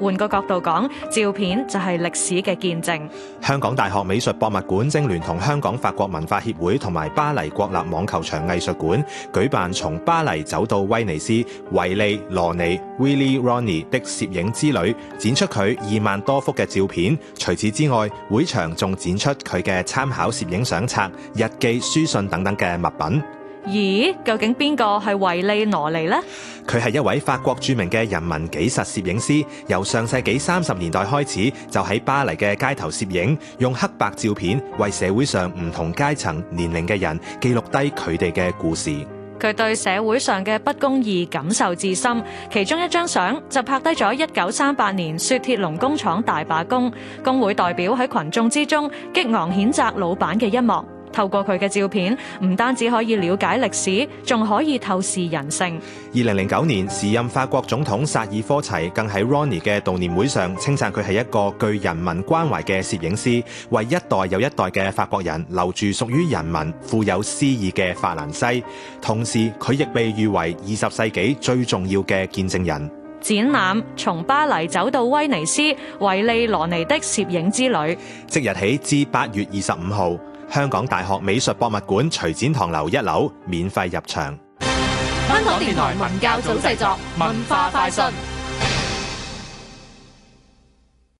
換個角度講，照片就係歷史嘅見證。香港大學美術博物館正聯同香港法國文化協會同埋巴黎國立網球場藝術館舉辦《從巴黎走到威尼斯》維利羅尼 w i l l y Ronnie） 的攝影之旅，展出佢二萬多幅嘅照片。除此之外，會場仲展出佢嘅參考攝影相冊、日記、書信等等嘅物品。咦，究竟邊個係維利羅尼呢？佢係一位法國著名嘅人民紀實攝影師，由上世紀三十年代開始就喺巴黎嘅街頭攝影，用黑白照片為社會上唔同階層年齡嘅人記錄低佢哋嘅故事。佢對社會上嘅不公義感受至深，其中一張相就拍低咗一九三八年雪鐵龍工廠大罷工，工會代表喺群眾之中激昂譴責老闆嘅一幕。透過佢嘅照片，唔單止可以了解歷史，仲可以透視人性。二零零九年，時任法國總統薩爾科齊更喺 Ronnie 嘅悼念會上稱讚佢係一個具人民關懷嘅攝影師，為一代又一代嘅法國人留住屬於人民富有詩意嘅法蘭西。同時，佢亦被譽為二十世紀最重要嘅見證人。展覽從巴黎走到威尼斯，維利羅尼的攝影之旅，即日起至八月二十五號。香港大學美術博物館徐展堂樓一樓免費入場。香港電台文教組製作文化快訊。